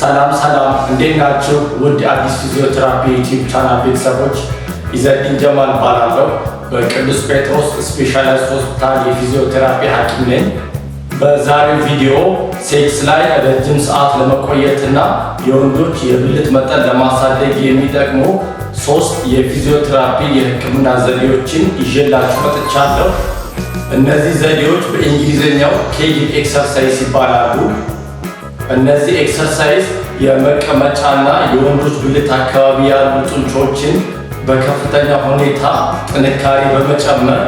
ሰላም ሰላም፣ እንዴት ናችሁ? ውድ አዲስ ፊዚዮቴራፒ ዩቲዩብ ቻናል ቤተሰቦች ኢዘዲን ጀማል እባላለሁ። በቅዱስ ጴጥሮስ ስፔሻላይዝድ ሆስፒታል የፊዚዮቴራፒ ሐኪም ነኝ። በዛሬው ቪዲዮ ሴክስ ላይ ረጅም ሰዓት ለመቆየትና የወንዶች የብልት መጠን ለማሳደግ የሚጠቅሙ ሶስት የፊዚዮቴራፒ የህክምና ዘዴዎችን ይዤላችሁ መጥቻለሁ። እነዚህ ዘዴዎች በእንግሊዝኛው ኬግል ኤክሰርሳይዝ ይባላሉ። እነዚህ ኤክሰርሳይዝ የመቀመጫና የወንዶች ብልት አካባቢ ያሉ ጡንቾችን በከፍተኛ ሁኔታ ጥንካሬ በመጨመር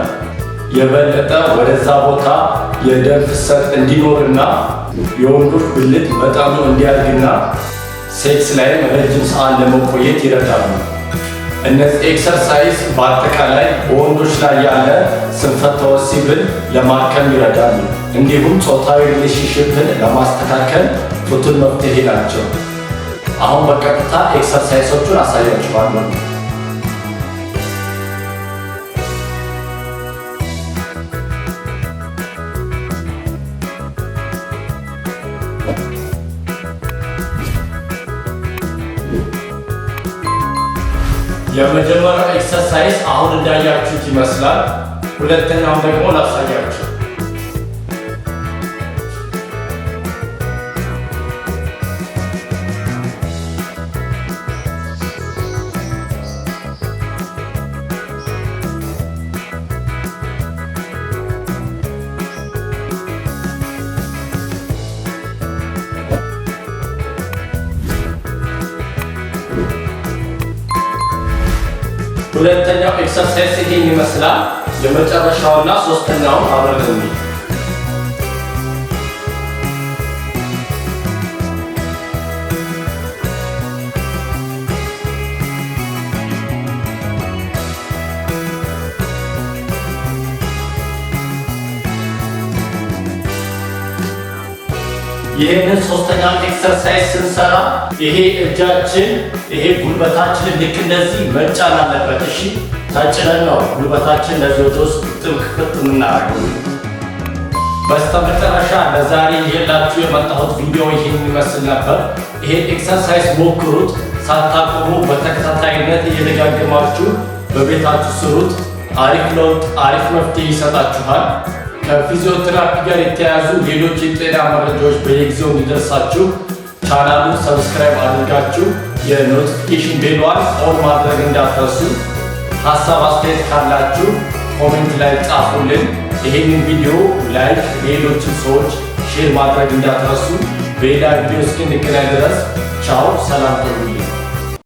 የበለጠ ወደዛ ቦታ የደም ፍሰት እንዲኖርና የወንዶች ብልት መጠኑ እንዲያድግና ሴክስ ላይም ረጅም ሰዓት ለመቆየት ይረዳሉ። እነዚህ ኤክሰርሳይዝ በአጠቃላይ በወንዶች ላይ ያለ ስንፈተ ተወሲብን ለማከም ይረዳሉ። እንዲሁም ፆታዊ ሪሌሽንሽፕን ለማስተካከል ፍቱን መፍትሄ ናቸው። አሁን በቀጥታ ኤክሰርሳይሶቹን አሳያችኋለሁ። የመጀመሪያው ኤክሰርሳይዝ አሁን እንዳያችሁት ይመስላል። ሁለተኛውም ደግሞ ላሳያችሁ። ሁለተኛው ኤክሰርሳይዝ ይሄን ይመስላል። የመጨረሻውና ሶስተኛውን አብረን ይህንን ሶስተኛ ኤክሰርሳይዝ ስንሰራ ይሄ እጃችን ይሄ ጉልበታችን ልክ እንደዚህ መጫን አለበት። እሺ ታጭነን ነው ጉልበታችን ለዚህ ወደ ውስጥ ጥብቅ ፍጥ የምናደርገው። በስተመጨረሻ ለዛሬ የላችሁ የመጣሁት ቪዲዮ ይህን ይመስል ነበር። ይሄ ኤክሰርሳይዝ ሞክሩት፣ ሳታቆሙ በተከታታይነት እየደጋገማችሁ በቤታችሁ ስሩት። አሪፍ ለውጥ አሪፍ መፍትሄ ይሰጣችኋል። ከፊዚዮቴራፒ ጋር የተያያዙ ሌሎች የጤና መረጃዎች በየጊዜው እንዲደርሳችሁ ቻናሉን ሰብስክራይብ አድርጋችሁ የኖቲፊኬሽን ቤሏን ኦን ማድረግ እንዳትረሱ። ሀሳብ አስተያየት ካላችሁ ኮሜንት ላይ ጻፉልን። ይህንን ቪዲዮ ላይክ፣ ሌሎችን ሰዎች ሼር ማድረግ እንዳትረሱ። በሌላ ቪዲዮ እስክንገናኝ ድረስ ቻው፣ ሰላም ቆዩልኝ።